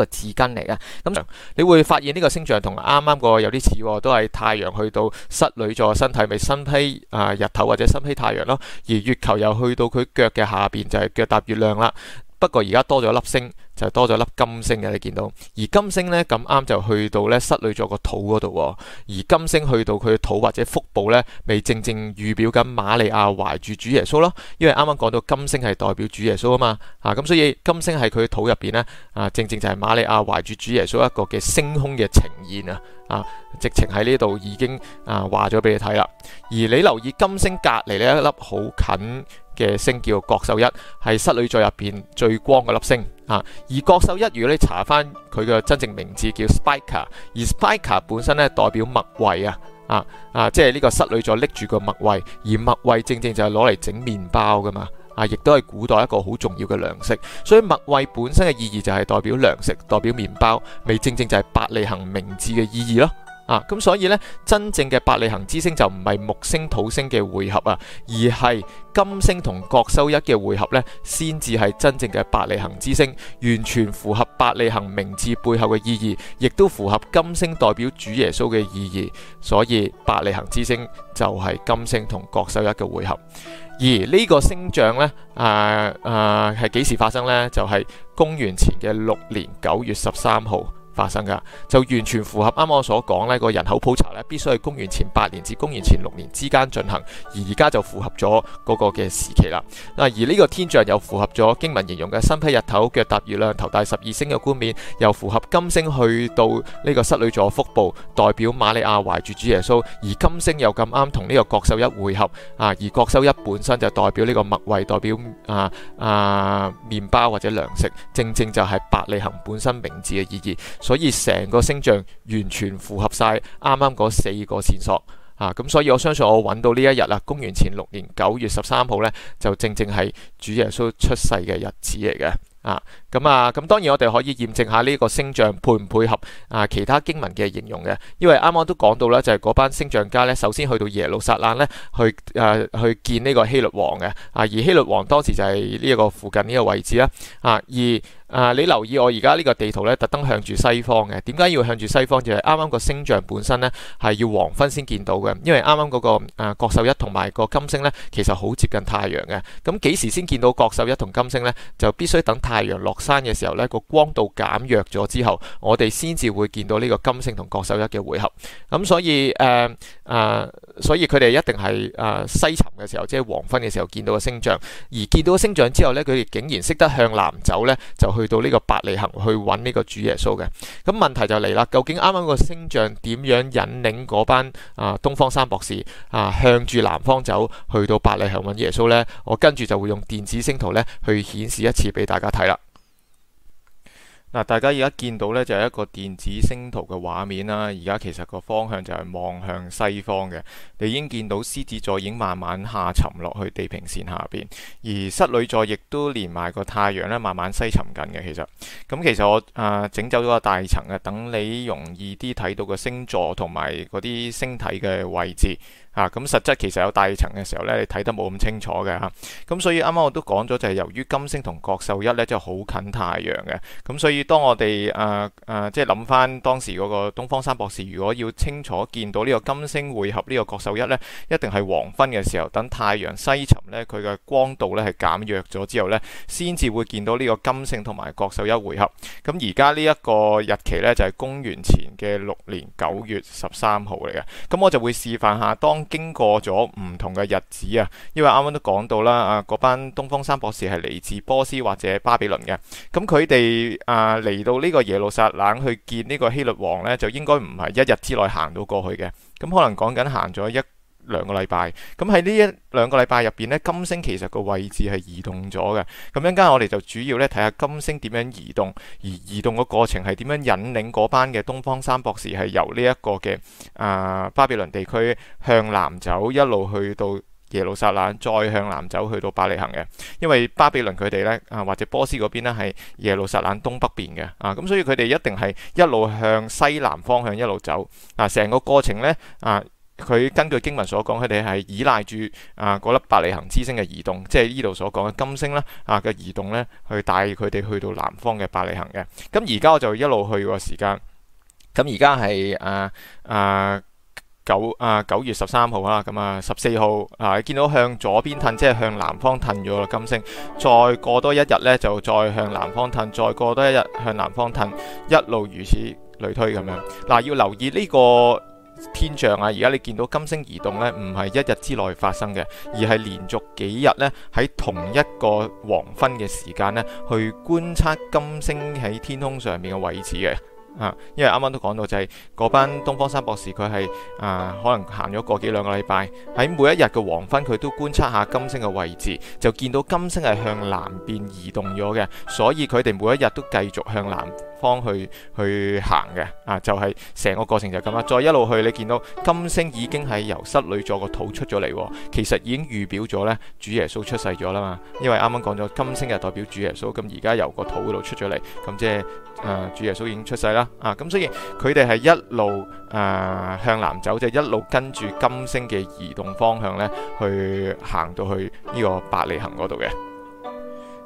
個字根嚟㗎，咁 你會發現呢個星象同啱啱個有啲似，哦，都係太陽去到室女座身體咪身披啊日頭或者身披太陽咯，而月球又去到佢腳嘅下邊，就係腳踏月亮啦。不過而家多咗粒星。就多咗粒金星嘅，你見到而金星呢，咁啱就去到呢室女座個肚嗰度。而金星去到佢嘅肚或者腹部呢，未正正預表緊馬利亞懷住主耶穌咯。因為啱啱講到金星係代表主耶穌啊嘛，啊咁所以金星喺佢嘅肚入邊呢，啊，正正就係馬利亞懷住主耶穌一個嘅星空嘅呈現啊啊，直情喺呢度已經啊話咗俾你睇啦。而你留意金星隔離呢一粒好近嘅星叫角宿一，係室女座入邊最光嘅粒星。啊！而角宿一如果你查翻佢嘅真正名字叫 Spica 而 Spica 本身咧代表麥穗啊，啊啊，即係呢個室女座拎住個麥穗，而麥穗正正就係攞嚟整麵包㗎嘛，啊，亦都係古代一個好重要嘅糧食，所以麥穗本身嘅意義就係代表糧食，代表麵包，咪正正就係伯利恆名字嘅意義咯。啊，咁所以呢，真正嘅伯利恆之星就唔係木星土星嘅匯合啊，而係金星同角宿一嘅匯合呢。先至係真正嘅伯利恆之星，完全符合伯利恆名字背後嘅意義，亦都符合金星代表主耶穌嘅意義，所以伯利恆之星就係金星同角宿一嘅匯合，而呢個星象呢，誒誒係幾時發生呢？就係、是、公元前嘅六年九月十三號。發生噶就完全符合啱啱我所講呢個人口普查呢，必須係公元前八年至公元前六年之間進行，而而家就符合咗嗰個嘅時期啦。嗱，而呢個天象又符合咗經文形容嘅身披日頭、腳踏月亮、頭戴十二星嘅冠冕，又符合金星去到呢個室女座腹部，代表瑪利亞懷住主耶穌，而金星又咁啱同呢個角宿一會合啊，而角宿一本身就代表呢個麥穗，代表啊啊麵包或者糧食，正正正就係伯利恆本身名字嘅意義。所以成個星象完全符合晒啱啱嗰四個線索啊！咁所以我相信我揾到呢一日啦，公元前六年九月十三號呢，就正正係主耶穌出世嘅日子嚟嘅啊！咁啊，咁、嗯嗯、當然我哋可以驗證下呢一個星象配唔配合啊其他經文嘅形容嘅，因為啱啱都講到啦，就係、是、嗰班星象家咧，首先去到耶路撒冷咧，去誒、啊、去見呢個希律王嘅，啊而希律王當時就係呢一個附近呢個位置啦，啊而啊你留意我而家呢個地圖咧，特登向住西方嘅，點解要向住西方？就係啱啱個星象本身咧係要黃昏先見到嘅，因為啱啱嗰個啊角宿一同埋個金星咧其實好接近太陽嘅，咁、啊、幾時先見到角宿一同金星咧？就必須等太陽落山嘅時候，呢個光度減弱咗之後，我哋先至會見到呢個金星同角宿一嘅會合。咁、嗯、所以誒啊，啊，所以佢哋一定係誒、啊、西沉嘅時候，即係黃昏嘅時候見到個星象，而見到個星象之後呢，佢哋竟然識得向南走呢，就去到呢個伯利恆去搵呢個主耶穌嘅。咁、嗯、問題就嚟啦，究竟啱啱個星象點樣引領嗰班啊東方三博士啊向住南方走去到伯利恆搵耶穌呢？我跟住就會用電子星圖呢去顯示一次俾大家睇啦。嗱，大家而家見到呢，就係一個電子星圖嘅畫面啦。而家其實個方向就係望向西方嘅。你已經見到獅子座已經慢慢下沉落去地平線下邊，而室女座亦都連埋個太陽呢慢慢西沉緊嘅。其實咁、嗯，其實我啊整、呃、走咗個大層呀，等你容易啲睇到個星座同埋嗰啲星體嘅位置。啊，咁實質其實有大層嘅時候呢，你睇得冇咁清楚嘅嚇。咁、啊、所以啱啱我都講咗，就係由於金星同角宿一呢就好近太陽嘅。咁所以當我哋誒誒，即係諗翻當時嗰個東方三博士，如果要清楚見到呢個金星會合呢個角宿一呢，一定係黃昏嘅時候，等太陽西沉呢，佢嘅光度呢係減弱咗之後呢，先至會見到呢個金星同埋角宿一會合。咁而家呢一個日期呢，就係、是、公元前嘅六年九月十三號嚟嘅。咁我就會示範下當，經過咗唔同嘅日子啊，因為啱啱都講到啦，啊，嗰班東方三博士係嚟自波斯或者巴比倫嘅，咁佢哋啊嚟到呢個耶路撒冷去見呢個希律王呢，就應該唔係一日之內行到過去嘅，咁可能講緊行咗一。兩個禮拜，咁喺呢一兩個禮拜入邊呢，金星其實個位置係移動咗嘅。咁一陣間我哋就主要咧睇下金星點樣移動，而移動個過程係點樣引領嗰班嘅東方三博士係由呢一個嘅啊巴比倫地區向南走，一路去到耶路撒冷，再向南走去到伯利恆嘅。因為巴比倫佢哋呢，啊或者波斯嗰邊咧係耶路撒冷東北邊嘅啊，咁所以佢哋一定係一路向西南方向一路走啊。成個過程呢。啊。佢根據經文所講，佢哋係依賴住啊嗰粒伯利恆之星嘅移動，即係呢度所講嘅金星啦，啊嘅移動咧，去帶佢哋去到南方嘅伯利恆嘅。咁而家我就一路去個時間，咁而家係啊啊九啊九月十三號啊，咁啊十四號啊，你見到向左邊褪，即係向南方褪咗個金星再過多一日咧，就再向南方褪，再過多一日向南方褪，一路如此類推咁樣。嗱，要留意呢個天象啊！而家你見到金星移動呢，唔係一日之內發生嘅，而係連續幾日呢，喺同一個黃昏嘅時間呢，去觀察金星喺天空上面嘅位置嘅啊！因為啱啱都講到就係嗰班東方三博士佢係啊，可能行咗個幾兩個禮拜，喺每一日嘅黃昏佢都觀察下金星嘅位置，就見到金星係向南邊移動咗嘅，所以佢哋每一日都繼續向南方去去行嘅啊，就係、是、成個過程就咁啦。再一路去，你見到金星已經係由室女座個肚出咗嚟，其實已經預表咗呢，主耶穌出世咗啦嘛。因為啱啱講咗金星就代表主耶穌，咁而家由個肚度出咗嚟，咁即係主耶穌已經出世啦。啊，咁所以佢哋係一路誒、呃、向南走，就一路跟住金星嘅移動方向呢，去行到去呢個伯利恆嗰度嘅。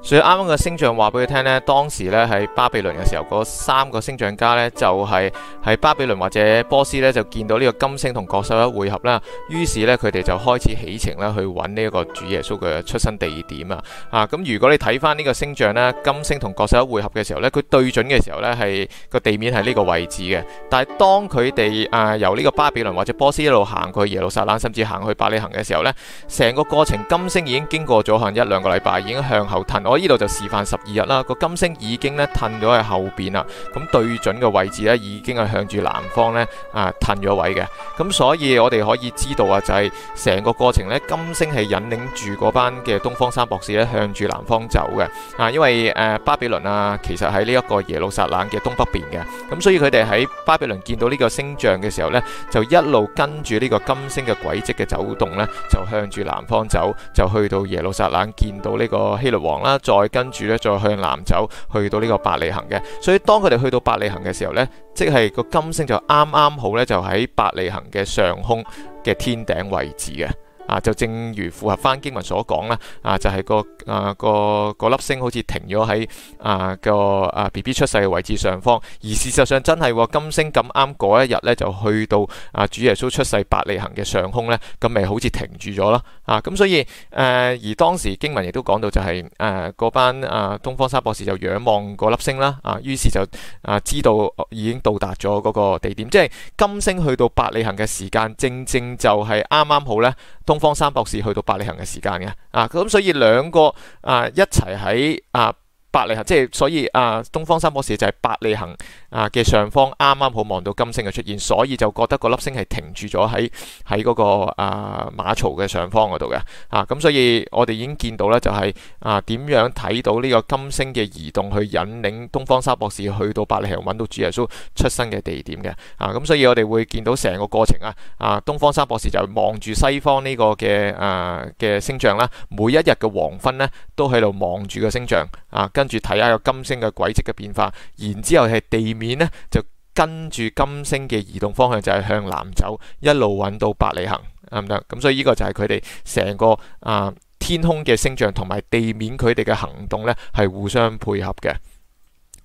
所以啱啱個星象話俾佢聽咧，當時咧喺巴比倫嘅時候，嗰三個星象家咧就係喺巴比倫或者波斯咧就見到呢個金星同角宿一會合啦。於是咧佢哋就開始起程啦，去揾呢一個主耶穌嘅出生地點啊！啊，咁如果你睇翻呢個星象咧，金星同角宿一會合嘅時候咧，佢對準嘅時候咧係個地面係呢個位置嘅。但係當佢哋啊由呢個巴比倫或者波斯一路行去耶路撒冷，甚至行去伯利恆嘅時候咧，成個過程金星已經經過咗行一兩個禮拜，已經向後褪。我呢度就示範十二日啦，個金星已經咧褪咗喺後邊啦，咁對準嘅位置咧已經係向住南方咧啊褪咗位嘅，咁所以我哋可以知道啊，就係成個過程咧，金星係引領住嗰班嘅東方三博士咧向住南方走嘅，啊，因為誒巴比倫啊，其實喺呢一個耶路撒冷嘅東北邊嘅，咁所以佢哋喺巴比倫見到呢個星象嘅時候咧，就一路跟住呢個金星嘅軌跡嘅走動咧，就向住南方走，就去到耶路撒冷見到呢個希律王啦。再跟住咧，再向南走，去到呢個伯利恆嘅。所以當佢哋去到伯利恆嘅時候呢，即係個金星就啱啱好呢，就喺伯利恆嘅上空嘅天頂位置嘅。啊，就正如符合翻經文所講啦，啊，就係、是、個啊個粒星好似停咗喺啊個啊 BB 出世嘅位置上方，而事實上真係金星咁啱嗰一日咧，就去到啊主耶穌出世伯利恆嘅上空咧，咁咪好似停住咗啦，啊，咁、啊、所以誒、啊，而當時經文亦都講到就係誒嗰班啊，啊東方三博士就仰望個粒星啦，啊，於是就啊知道已經到達咗嗰個地點，即係金星去到伯利恆嘅時間，正正，正就係啱啱好咧。東方三博士去到伯利恆嘅時間嘅，啊，咁所以兩個啊一齊喺啊。伯利恆，即係所以啊，東方三博士就係伯利恆啊嘅上方，啱啱好望到金星嘅出現，所以就覺得個粒星係停住咗喺喺嗰個啊馬槽嘅上方嗰度嘅啊，咁所以我哋已經見到咧、就是，就係啊點樣睇到呢個金星嘅移動去引領東方三博士去到伯利恆揾到主耶穌出生嘅地點嘅啊，咁所以我哋會見到成個過程啊，啊東方三博士就望住西方呢個嘅啊嘅星象啦，每一日嘅黃昏咧都喺度望住個星象啊跟住睇下個金星嘅軌跡嘅變化，然之後係地面咧就跟住金星嘅移動方向就係向南走，一路揾到伯利恆，啱唔得？咁所以呢個就係佢哋成個啊、呃、天空嘅星象同埋地面佢哋嘅行動咧係互相配合嘅。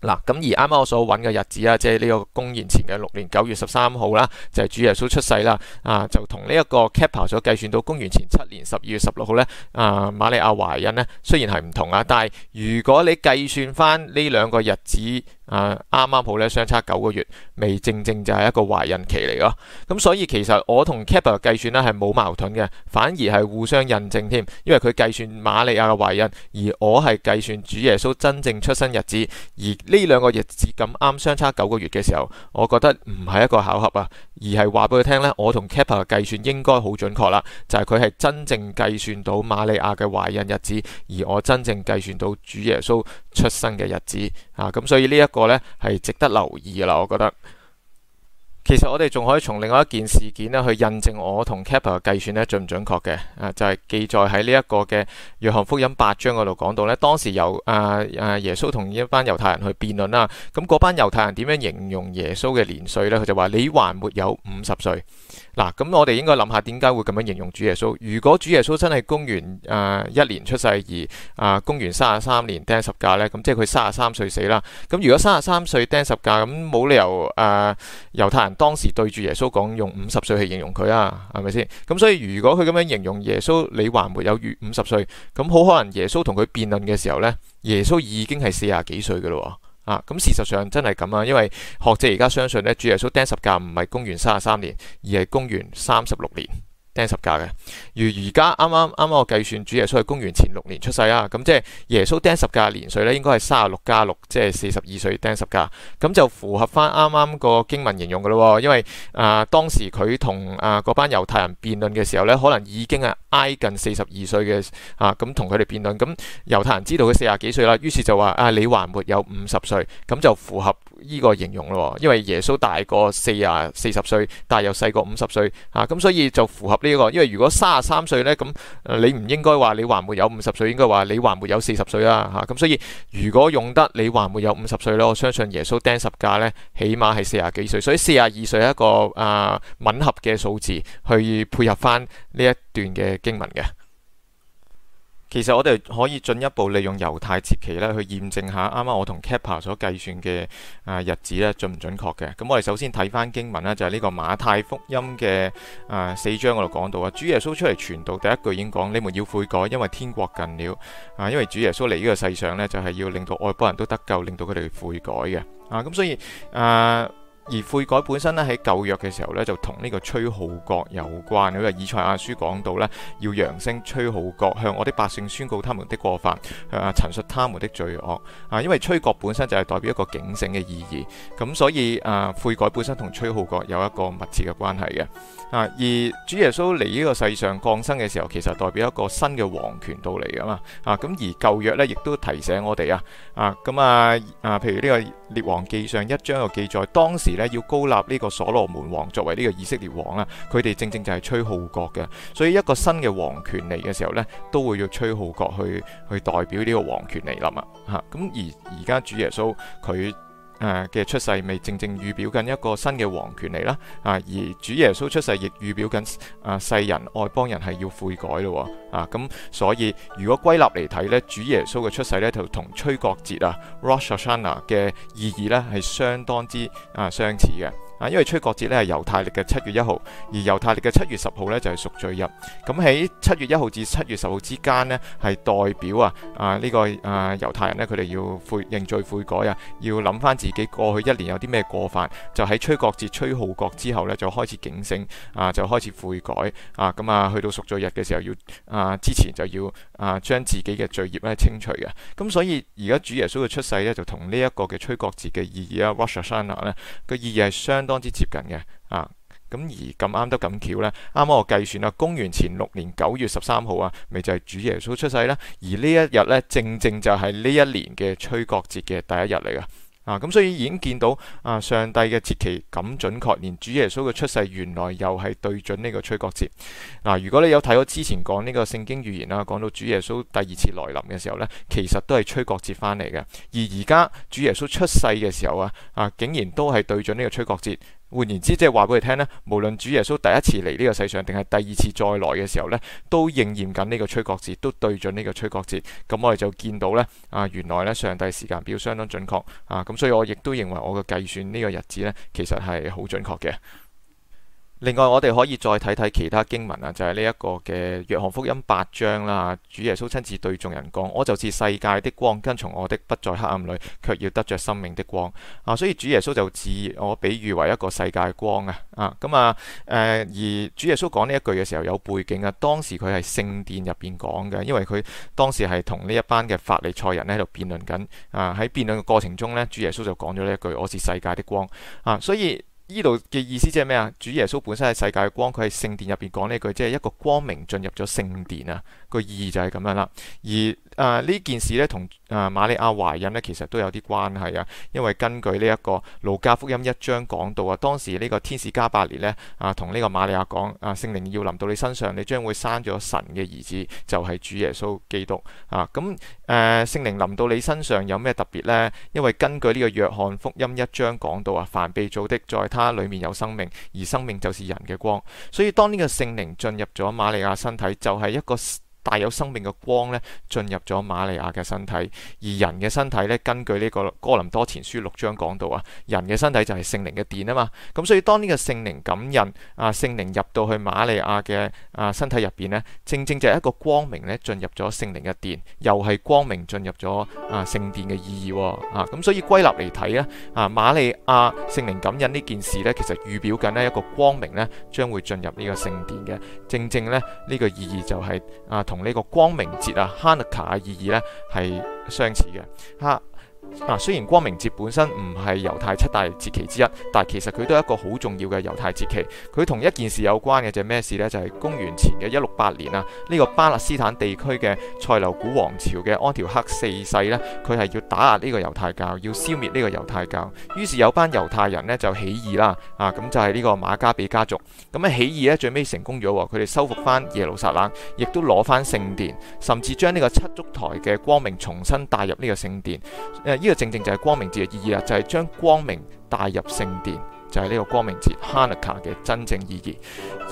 嗱咁、啊、而啱啱我所揾嘅日子啊，即係呢個公元前嘅六年九月十三號啦，就係、是、主耶穌出世啦。啊，就同呢一個 Kepler 所計算到公元前七年十二月十六號咧，啊，瑪利亞懷孕咧，雖然係唔同啊，但係如果你計算翻呢兩個日子。啊，啱啱好咧，相差九個月，未正正就係一個懷孕期嚟咯。咁所以其實我同開普勒計算咧係冇矛盾嘅，反而係互相印證添。因為佢計算瑪利亞嘅懷孕，而我係計算主耶穌真正出生日子。而呢兩個日子咁啱相差九個月嘅時候，我覺得唔係一個巧合啊，而係話俾佢聽咧，我同開普勒嘅計算應該好準確啦。就係佢係真正計算到瑪利亞嘅懷孕日子，而我真正計算到主耶穌出生嘅日子。啊，咁所以呢一個。個呢係值得留意嘅啦，我覺得。其實我哋仲可以從另外一件事件咧去印證我同 Kepler 嘅計算咧準唔準確嘅，啊就係記載喺呢一個嘅約翰福音八章嗰度講到咧，當時由啊啊耶穌同一班猶太人去辯論啦，咁嗰班猶太人點樣形容耶穌嘅年歲咧？佢就話：你還沒有五十歲。嗱，咁我哋應該諗下點解會咁樣形容主耶穌？如果主耶穌真係公元啊一年出世而啊公元三十三年釘十架咧，咁即係佢三十三歲死啦。咁如果三十三歲釘十架，咁冇理由啊猶太人。當時對住耶穌講用五十歲去形容佢啊，係咪先？咁所以如果佢咁樣形容耶穌，你還沒有越五十歲，咁好可能耶穌同佢辯論嘅時候呢，耶穌已經係四廿幾歲嘅咯喎。啊，咁事實上真係咁啊，因為學者而家相信呢，主耶穌釘十架唔係公元三十三年，而係公元三十六年。釘十架嘅，如而家啱啱啱啱我計算主耶穌係公元前六年出世啊，咁即係耶穌釘十架嘅年歲咧，應該係卅六加六，6，即係四十二歲釘十架，咁就符合翻啱啱個經文形容噶咯。因為啊、呃，當時佢同啊嗰班猶太人辯論嘅時候咧，可能已經係挨近四十二歲嘅啊，咁同佢哋辯論，咁、啊、猶太人知道佢四廿幾歲啦，於是就話啊，你還沒有五十歲，咁就符合呢個形容咯。因為耶穌大過四廿四十歲，但又細過五十歲啊，咁所以就符合。呢個，因為如果三十三歲呢，咁你唔應該話你還沒有五十歲，應該話你還沒有四十歲啦。吓。咁所以如果用得你還沒有五十歲呢，我相信耶穌釘十架呢，起碼係四十幾歲。所以四十二歲係一個啊、呃、吻合嘅數字，去配合翻呢一段嘅經文嘅。其實我哋可以進一步利用猶太節期咧去驗證下啱啱我同 Kepler 所計算嘅啊日子咧準唔準確嘅？咁我哋首先睇翻經文啦，就係、是、呢個馬太福音嘅啊、呃、四章我哋講到啊，主耶穌出嚟傳道，第一句已經講你們要悔改，因為天國近了啊，因為主耶穌嚟呢個世上呢，就係、是、要令到外邦人都得救，令到佢哋悔改嘅啊，咁所以啊。呃而悔改本身咧喺舊約嘅時候咧，就同呢個吹號角有關，因為以賽亞書講到咧，要揚聲吹號角，向我啲百姓宣告他們的過犯，啊、呃、陳述他們的罪惡，啊，因為吹角本身就係代表一個警醒嘅意義，咁所以啊、呃、悔改本身同吹號角有一個密切嘅關係嘅。啊！而主耶穌嚟呢個世上降生嘅時候，其實代表一個新嘅王權到嚟噶嘛。啊，咁而舊約呢，亦都提醒我哋啊，啊，咁啊，啊，譬如呢個列王記上一章嘅記載，當時呢，要高立呢個所羅門王作為呢個以色列王啊，佢哋正正就係吹號角嘅，所以一個新嘅王權嚟嘅時候呢，都會要吹號角去去代表呢個王權嚟啦嘛。吓、啊，咁而而家主耶穌佢。誒嘅、啊、出世，未正正預表緊一個新嘅王權嚟啦，啊！而主耶穌出世亦預表緊啊世人外邦人係要悔改咯，啊！咁、啊啊、所以如果歸納嚟睇呢，主耶穌嘅出世呢，就同吹角節啊 Rosh Hashanah、ah、嘅意義呢，係相當之啊相似嘅。啊，因為吹角節咧係猶太歷嘅七月一號，而猶太歷嘅七月十號咧就係贖罪日。咁喺七月一號至七月十號之間呢，係代表啊啊呢個啊猶太人呢，佢哋要悔認罪悔改啊，要諗翻自己過去一年有啲咩過犯，就喺吹角節吹號角之後呢，就開始警醒啊，就開始悔改啊。咁啊，去到贖罪日嘅時候要啊之前就要啊將自己嘅罪孽咧清除嘅。咁所以而家主耶穌嘅出世呢，就同呢一個嘅吹角節嘅意義啊 Rosh Hashanah 呢個意義係相當之接近嘅啊，咁而咁啱都咁巧呢，啱啱我計算啦，公元前六年九月十三號啊，咪就係主耶穌出世啦，而呢一日呢，正正就係呢一年嘅吹角節嘅第一日嚟噶。啊！咁所以已經見到啊，上帝嘅節期咁準確，連主耶穌嘅出世原來又係對準呢個吹角節。嗱、啊，如果你有睇我之前講呢個聖經預言啊，講到主耶穌第二次來臨嘅時候呢，其實都係吹角節翻嚟嘅。而而家主耶穌出世嘅時候啊，啊竟然都係對準呢個吹角節。換言之，即係話俾你聽咧，無論主耶穌第一次嚟呢個世上，定係第二次再來嘅時候呢，都應驗緊呢個吹角節，都對準呢個吹角節。咁我哋就見到呢，啊，原來呢上帝時間表相當準確啊。咁所以我亦都認為我嘅計算呢個日子呢，其實係好準確嘅。另外，我哋可以再睇睇其他經文啊，就係呢一個嘅《約翰福音》八章啦。主耶穌親自對眾人講：我就是世界的光，跟從我的，不在黑暗裏，卻要得着生命的光。啊，所以主耶穌就自我比喻為一個世界光啊。啊，咁啊，誒而主耶穌講呢一句嘅時候有背景啊，當時佢係聖殿入邊講嘅，因為佢當時係同呢一班嘅法利賽人咧喺度辯論緊。啊，喺辯論嘅過程中呢，主耶穌就講咗呢一句：我是世界的光。啊，所以。呢度嘅意思即係咩啊？主耶穌本身係世界嘅光，佢係聖殿入邊講呢句，即係一個光明進入咗聖殿啊，個意義就係咁樣啦。而啊！呢件事呢，同啊瑪利亞懷孕呢，其實都有啲關係啊，因為根據呢一個路加福音一章講到啊，當時呢個天使加百列呢，啊，同呢個瑪利亞講啊，聖靈要臨到你身上，你將會生咗神嘅兒子，就係主耶穌基督啊。咁，啊，誒，聖靈臨到你身上有咩特別呢？因為根據呢個約翰福音一章講到啊，凡被造的在他裡面有生命，而生命就是人嘅光。所以當呢個聖靈進入咗瑪利亞身體，就係一個帶有生命嘅光咧進入咗瑪利亞嘅身體，而人嘅身體咧，根據呢個哥林多前書六章講到啊，人嘅身體就係聖靈嘅殿啊嘛。咁所以當呢個聖靈感孕啊，聖靈入到去瑪利亞嘅啊身體入邊呢，正正就係一個光明咧進入咗聖靈嘅殿，又係光明進入咗啊聖殿嘅意義啊。咁所以歸納嚟睇呢，啊，瑪利亞聖靈感孕呢件事呢，其實預表緊呢一個光明呢，將會進入呢個聖殿嘅，正正呢，呢個意義就係啊。同呢個光明節啊 Hanukkah 嘅意義咧係相似嘅嚇。啊，雖然光明節本身唔係猶太七大節期之一，但其實佢都係一個好重要嘅猶太節期。佢同一件事有關嘅就係咩事呢？就係公元前嘅一六八年啊，呢個巴勒斯坦地區嘅塞留古王朝嘅安條克四世呢，佢係要打壓呢個猶太教，要消滅呢個猶太教。於是有班猶太人呢就起義啦，啊咁就係呢個馬加比家族。咁啊起義呢，最尾成功咗，佢哋收復翻耶路撒冷，亦都攞翻聖殿，甚至將呢個七足台嘅光明重新帶入呢個聖殿。呢個正正就係光明節嘅意義啊，就係、是、將光明帶入聖殿，就係、是、呢個光明節 Hanukkah 嘅真正意義。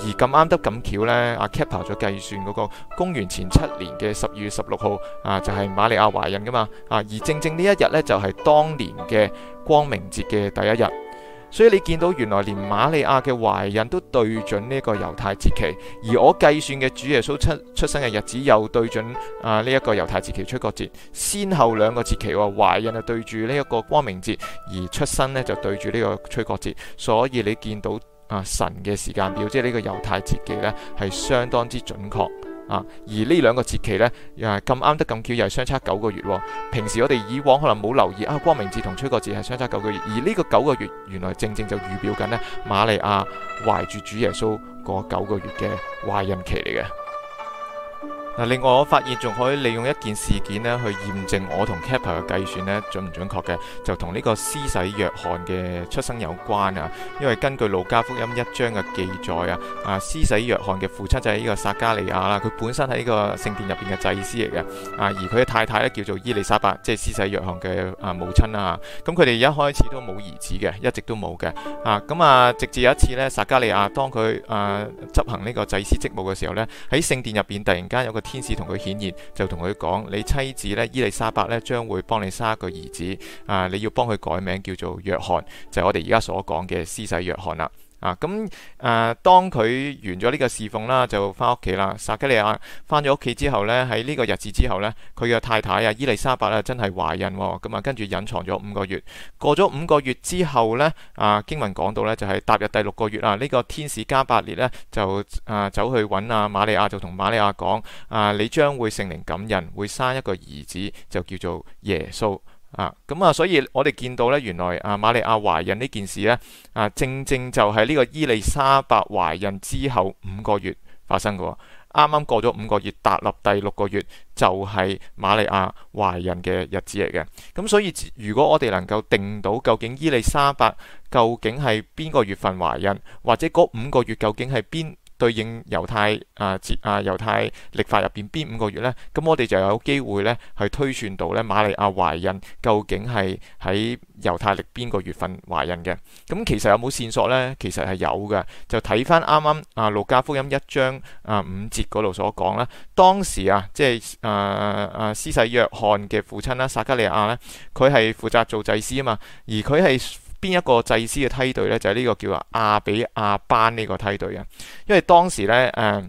而咁啱得咁巧呢，阿 Kepler 咗計算嗰個公元前七年嘅十二月十六號啊，就係瑪利亞懷孕噶嘛啊，而正正呢一日呢，就係、是、當年嘅光明節嘅第一日。所以你見到，原來連瑪利亞嘅懷孕都對準呢個猶太節期，而我計算嘅主耶穌出出生嘅日子又對準啊呢一個猶太節期吹角節，先後兩個節期喎，懷孕就對住呢一個光明節，而出生呢就對住呢個吹角節，所以你見到啊、呃、神嘅時間表，即係呢個猶太節期呢，係相當之準確。啊！而呢兩個節期呢，又係咁啱得咁巧，又係相差九個月哦。平時我哋以往可能冇留意啊，光明節同吹角節係相差九個月，而呢個九個月原來正正就預表緊呢瑪利亞懷住主耶穌嗰九個月嘅懷孕期嚟嘅。另外我發現仲可以利用一件事件咧，去驗證我同 Kepler 嘅計算咧準唔準確嘅，就同呢個施洗約翰嘅出生有關啊。因為根據路加福音一章嘅記載啊，啊施洗約翰嘅父親就係呢個撒加利亞啦，佢本身喺呢個聖殿入邊嘅祭司嚟嘅，啊而佢嘅太太咧叫做伊利沙伯，即係施洗約翰嘅啊母親啊。咁佢哋一開始都冇兒子嘅，一直都冇嘅，啊咁啊，直至有一次呢，撒加利亞當佢啊執行呢個祭司職務嘅時候呢，喺聖殿入邊突然間有個。天使同佢顯現，就同佢講：你妻子咧，伊麗莎白咧，將會幫你生一個兒子啊！你要幫佢改名叫做約翰，就係、是、我哋而家所講嘅施洗約翰啦。啊，咁啊，當佢完咗呢個侍奉啦，就翻屋企啦。撒迦利亞翻咗屋企之後呢，喺呢個日子之後呢，佢嘅太太啊，伊麗莎白啊，真係懷孕喎。咁啊，跟、啊、住隱藏咗五個月，過咗五個月之後呢，啊，經文講到呢，就係、是、踏入第六個月啊。呢、這個天使加百列呢，就啊走去揾啊瑪利亞，就同瑪利亞講：啊，你將會聖靈感孕，會生一個兒子，就叫做耶穌。啊，咁啊，所以我哋見到咧，原來啊，馬利亞懷孕呢件事咧，啊，正正就係呢個伊利沙伯懷孕之後五個月發生嘅，啱啱過咗五個月，達立第六個月就係馬利亞懷孕嘅日子嚟嘅。咁，啊，所以如果我哋能夠定到究竟伊利沙伯究竟係邊個月份懷孕，或者嗰五個月究竟係邊對應猶太啊節啊猶太曆法入邊邊五個月咧，咁我哋就有機會咧去推算到咧馬利亞懷孕究竟係喺猶太曆邊個月份懷孕嘅。咁其實有冇線索咧？其實係有嘅，就睇翻啱啱啊路加福音一章啊五節嗰度所講啦。當時啊，即係啊啊施洗約翰嘅父親啦，撒加利亞咧，佢係負責做祭司啊嘛，而佢係，邊一個祭司嘅梯隊呢？就係、是、呢個叫亞比亞班呢個梯隊啊，因為當時呢，誒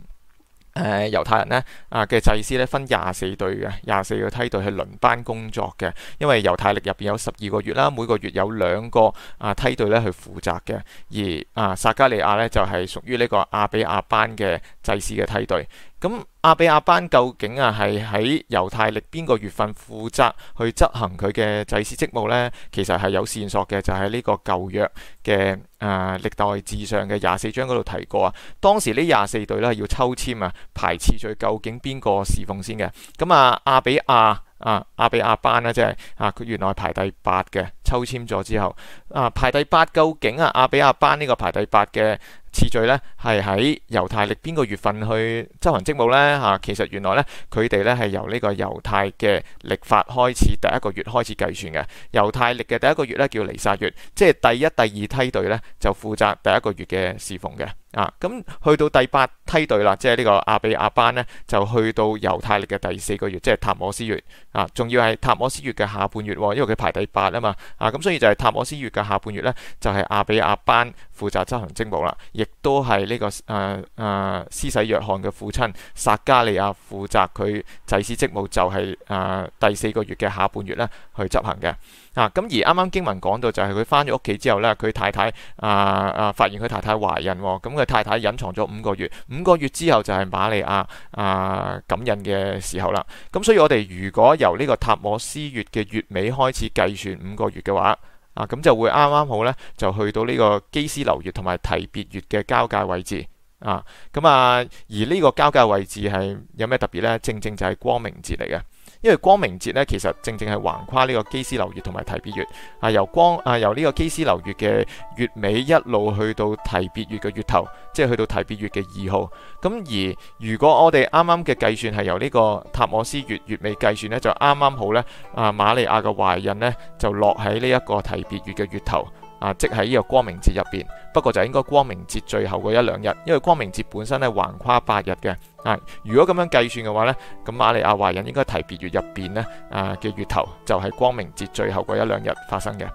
誒猶太人呢啊嘅祭司呢，分廿四隊嘅，廿四個梯隊係輪班工作嘅，因為猶太曆入邊有十二個月啦，每個月有兩個啊梯隊呢去負責嘅，而啊撒加利亞呢，就係屬於呢個亞比亞班嘅祭司嘅梯隊。咁阿、嗯、比亞班究竟啊係喺猶太歷邊個月份負責去執行佢嘅祭司職務呢？其實係有線索嘅，就喺、是、呢個舊約嘅啊、呃、歷代志上嘅廿四章嗰度提過啊。當時呢廿四隊啦要抽籤啊排次序，究竟邊個侍奉先嘅？咁啊阿比亞啊阿比亞班呢、啊，即係啊佢原來排第八嘅，抽籤咗之後啊排第八，究竟啊阿比亞班呢個排第八嘅？次序咧係喺猶太歷邊個月份去執行職務呢？嚇、啊？其實原來咧佢哋咧係由呢個猶太嘅曆法開始第一個月開始計算嘅。猶太歷嘅第一個月咧叫尼撒月，即係第一、第二梯隊咧就負責第一個月嘅侍奉嘅。啊，咁、嗯、去到第八梯隊啦，即係呢個亞比亞班呢，就去到猶太歷嘅第四個月，即係塔摩斯月啊，仲要係塔摩斯月嘅下半月，啊、因為佢排第八啊嘛，啊咁所以就係塔摩斯月嘅下半月呢，就係、是、亞比亞班負責執行職務啦，亦都係呢、這個誒誒、施、呃呃、洗約翰嘅父親撒加利亞負責佢祭司職務，就係、是、誒、呃、第四個月嘅下半月呢去執行嘅。嗱，咁、啊、而啱啱經文講到就係佢翻咗屋企之後咧，佢太太啊啊發現佢太太懷孕喎，咁、啊、佢太太隱藏咗五個月，五個月之後就係瑪利亞啊感孕嘅時候啦。咁、啊、所以我哋如果由呢個塔摩斯月嘅月尾開始計算五個月嘅話，啊咁、啊、就會啱啱好咧就去到呢個基斯流月同埋提別月嘅交界位置啊。咁啊，而呢個交界位置係有咩特別咧？正正就係光明節嚟嘅。因為光明節咧，其實正正係橫跨呢個基斯流月同埋提別月，啊由光啊由呢個基斯流月嘅月尾一路去到提別月嘅月頭，即係去到提別月嘅二號。咁而如果我哋啱啱嘅計算係由呢個塔莫斯月月尾計算呢，就啱啱好呢，啊馬利亞嘅懷孕呢就落喺呢一個提別月嘅月頭。啊，即喺呢個光明節入邊，不過就應該光明節最後嗰一兩日，因為光明節本身咧橫跨八日嘅、哎。啊，如果咁樣計算嘅話呢，咁馬利亞華人應該提別月入邊呢啊嘅月頭就係光明節最後嗰一兩日發生嘅。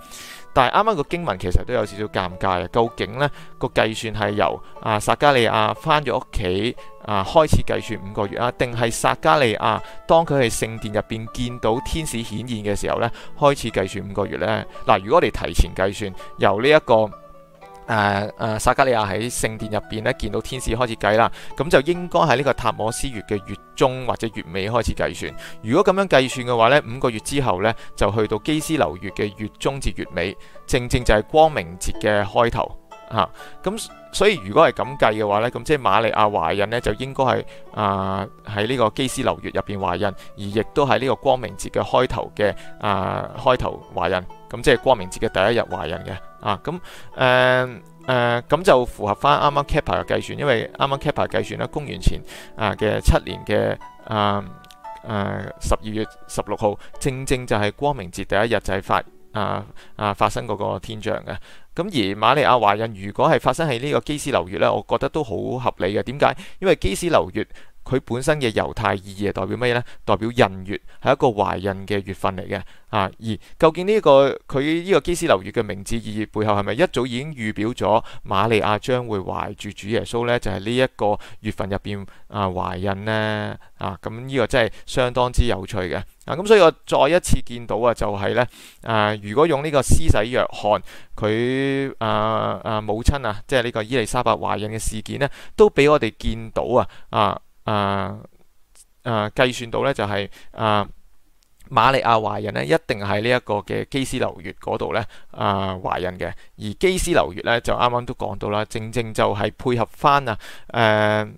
但係啱啱個經文其實都有少少尷尬啊！究竟呢、呢個計算係由啊撒加利亞翻咗屋企啊開始計算五個月啊，定係撒加利亞當佢係聖殿入邊見到天使顯現嘅時候呢開始計算五個月呢？嗱、啊，如果我哋提前計算由呢、這、一個。誒誒，撒加、uh, 利亞喺聖殿入邊咧，見到天使開始計啦，咁就應該喺呢個塔摩斯月嘅月中或者月尾開始計算。如果咁樣計算嘅話呢，五個月之後呢，就去到基斯流月嘅月中至月尾，正正就係光明節嘅開頭。嚇、啊，咁所以如果係咁計嘅話呢，咁即係瑪利亞懷孕呢，就應該係啊喺呢個基斯流月入邊懷孕，而亦都喺呢個光明節嘅開頭嘅啊、呃、開頭懷孕。咁、嗯、即係光明節嘅第一日懷孕嘅啊，咁誒誒，咁、嗯嗯嗯嗯、就符合翻啱啱 Kepler 嘅計算，因為啱啱 Kepler 計算咧，公元前啊嘅七年嘅啊啊十二月十六號，正正就係光明節第一日就係發啊啊發生嗰個天象嘅。咁、嗯、而瑪利亞懷孕如果係發生喺呢個基斯流月咧，我覺得都好合理嘅。點解？因為基斯流月。佢本身嘅猶太意義係代表咩呢？代表人月係一個懷孕嘅月份嚟嘅啊！而究竟呢、這個佢呢個基斯流月嘅名字意義背後係咪一早已經預表咗馬利亞將會懷住主耶穌呢？就係呢一個月份入邊啊懷孕呢。啊！咁、這、呢個真係相當之有趣嘅啊！咁、啊、所以我再一次見到啊，就係、是、呢。啊，如果用呢個施洗約翰佢啊啊母親啊，即係呢個伊利莎白懷孕嘅事件呢，都俾我哋見到啊啊！啊啊啊啊啊啊！計算到咧就係啊瑪利亞懷孕咧，一定係呢一個嘅基斯流月嗰度咧啊懷孕嘅，而基斯流月咧就啱啱都講到啦，正正就係配合翻啊誒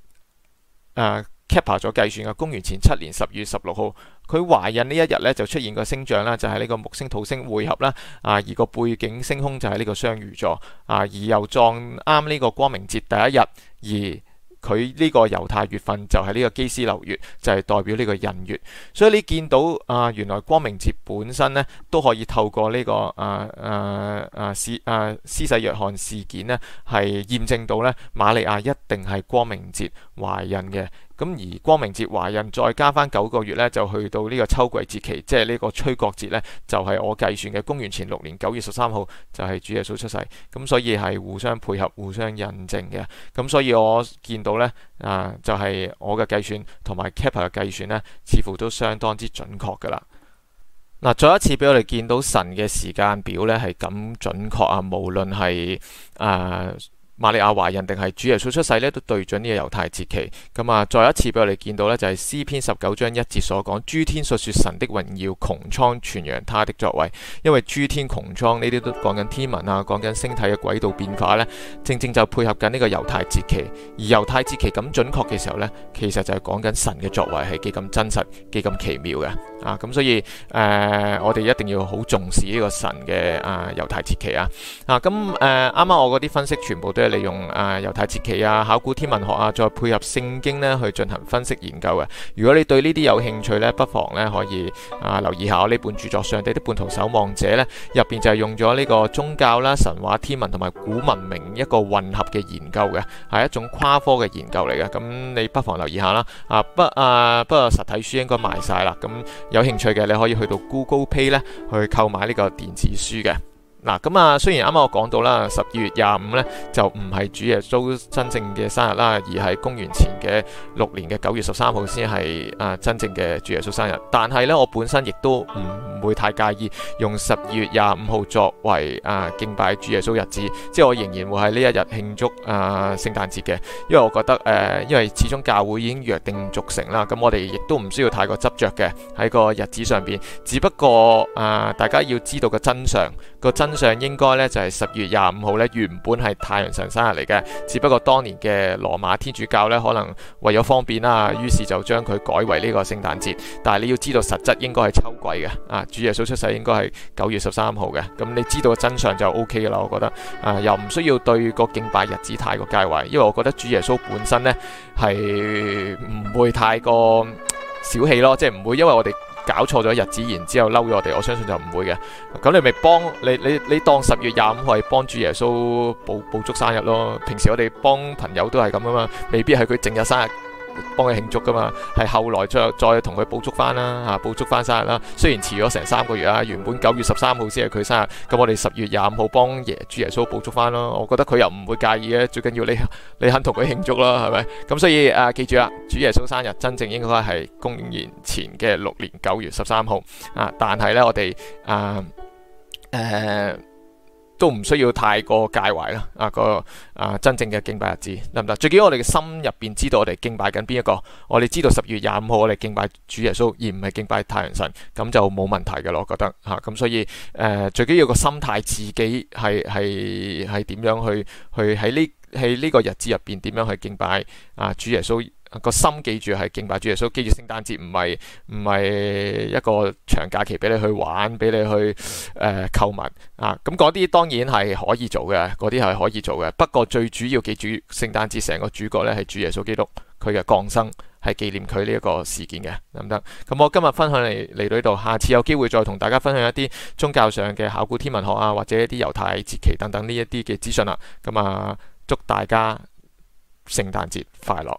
誒開普勒咗計算啊，公元前七年十月十六號，佢懷孕呢一日咧就出現個星象啦，就係呢個木星土星會合啦啊，而個背景星空就係呢個雙魚座啊，而又撞啱呢個光明節第一日而。佢呢個猶太月份就係呢個基斯流月，就係、是、代表呢個人月，所以你見到啊、呃，原來光明節本身呢，都可以透過呢、這個啊啊啊司啊施洗約翰事件呢，係驗證到咧瑪利亞一定係光明節懷孕嘅。咁而光明節、懷孕再加翻九個月咧，就去到呢個秋季節期，即係呢個吹角節咧，就係、是、我計算嘅公元前六年九月十三號就係、是、主耶穌出世。咁所以係互相配合、互相印證嘅。咁所以我見到咧啊、呃，就係、是、我嘅計算同埋 Kepler 嘅計算咧，似乎都相當之準確噶啦。嗱、啊，再一次俾我哋見到神嘅時間表咧係咁準確啊！無論係啊，呃瑪利亞懷孕定係主耶穌出世呢？都對準呢個猶太節期。咁、嗯、啊，再一次俾我哋見到呢，就係、是、詩篇十九章一節所講，諸天述說神的榮耀，穹蒼傳揚他的作為。因為諸天穹蒼呢啲都講緊天文啊，講緊星體嘅軌道變化呢，正正就配合緊呢個猶太節期。而猶太節期咁準確嘅時候呢，其實就係講緊神嘅作為係幾咁真實、幾咁奇妙嘅。啊，咁、嗯、所以誒、呃，我哋一定要好重視呢個神嘅啊猶太節期啊。啊，咁、嗯、誒，啱、呃、啱我嗰啲分析全部都。利用啊猶太節期啊考古天文學啊再配合聖經呢去進行分析研究嘅。如果你對呢啲有興趣呢，不妨呢可以啊、呃、留意下我呢本著作《上帝的叛徒守望者》呢入邊就係用咗呢個宗教啦、神話、天文同埋古文明一個混合嘅研究嘅，係一種跨科嘅研究嚟嘅。咁你不妨留意下啦。啊不啊不過、啊、實體書應該賣晒啦。咁有興趣嘅你可以去到 Google Play 呢去購買呢個電子書嘅。嗱咁啊，雖然啱啱我講到啦，十二月廿五咧就唔係主耶穌真正嘅生日啦，而係公元前嘅六年嘅九月十三號先係啊真正嘅主耶穌生日。但係咧，我本身亦都唔會太介意用十二月廿五號作為啊敬拜主耶穌日子，即係我仍然會喺呢一日慶祝啊聖誕節嘅，因為我覺得誒、啊、因為始終教會已經約定俗成啦，咁、啊嗯、我哋亦都唔需要太過執着嘅喺個日子上邊，只不過啊，大家要知道個真相，個真。上應該咧就係十二月廿五號咧，原本係太陽神生日嚟嘅，只不過當年嘅羅馬天主教咧，可能為咗方便啦、啊，於是就將佢改為呢個聖誕節。但係你要知道實質應該係秋季嘅，啊，主耶穌出世應該係九月十三號嘅。咁你知道真相就 OK 啦，我覺得啊，又唔需要對個敬拜日子太過介懷，因為我覺得主耶穌本身呢，係唔會太過小氣咯，即係唔會因為我哋。搞錯咗日子，然之後嬲咗我哋，我相信就唔會嘅。咁你咪幫你你你當十月廿五係幫主耶穌，補補祝生日咯。平時我哋幫朋友都係咁噶嘛，未必係佢正日生日，幫佢慶祝噶嘛，係後來再再同佢補祝翻啦，吓補祝翻生日啦。雖然遲咗成三個月啊，原本九月十三號先係佢生日，咁我哋十月廿五號幫耶主耶穌補祝翻咯。我覺得佢又唔會介意嘅，最緊要你你肯同佢慶祝啦，係咪？咁所以啊，記住啦，主耶穌生日真正應該係公元前嘅六年九月十三號啊，但係呢，我哋啊誒。啊都唔需要太過介懷啦，啊個啊真正嘅敬拜日子得唔得？最緊要我哋嘅心入邊知道我哋敬拜緊邊一個，我哋知道十月廿五號我哋敬拜主耶穌，而唔係敬拜太陽神，咁就冇問題㗎喇，我覺得吓。咁、啊、所以誒、啊，最緊要個心態自己係係係點樣去去喺呢喺呢個日子入邊點樣去敬拜啊主耶穌。個心記住係敬拜主耶穌，記住聖誕節唔係唔係一個長假期俾你去玩，俾你去誒購物啊。咁嗰啲當然係可以做嘅，嗰啲係可以做嘅。不過最主要記住聖誕節成個主角咧係主耶穌基督，佢嘅降生係紀念佢呢一個事件嘅，得唔得？咁我今日分享嚟嚟到呢度，下次有機會再同大家分享一啲宗教上嘅考古天文學啊，或者一啲猶太節期等等呢一啲嘅資訊啦。咁啊，祝大家聖誕節快樂。